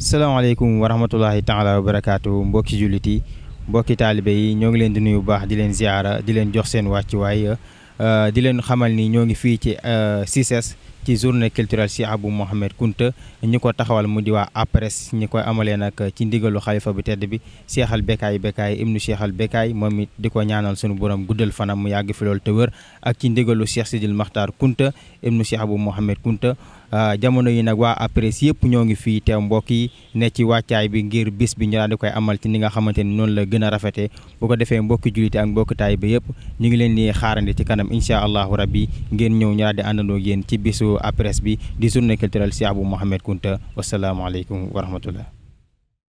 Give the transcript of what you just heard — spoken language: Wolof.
salaamu alaykum wa rahmatullahi ta'ala wa barakatuh mbokki juliti mbokki talibe yi ñoo ngi leen di nuyu baax di leen ziara di leen jox seen wàcc waay ya. eh, di leen xamal ni ñoo ngi fii ci eh, ci journée culturelle si Abou Mouhamed Kounta ñi ko taxawal mu di waa APRES ñi koy amalee nag ci ndigalu xalifa bu tedd bi seexal bekkaay bekkaay ibnu seexal bekkaay moom it di ko ñaanal sunu borom guddal fana mu yàgg fi loolu te wër ak ci ndigalu si Sidil Maxtaar Kounta ibnu Cheikh Abou Mouhamed Kounta ah, jamono yi nag waa après e yëpp ñoo ngi fii teew mbokk yi ne ci wàccaay bi ngir bis bi ñu daal di koy amal ci ni nga xamante ni noonu la gën a rafetee bu ko defee mbokki julite ak mbokki taay bi ñu ngi leen di xaarandi ci kanam incha allahu rabbi ngeen ñëw ñu daal di àndandoo APRS بي دي زون نيكلترال سي أبو محمد كونتا والسلام عليكم ورحمة الله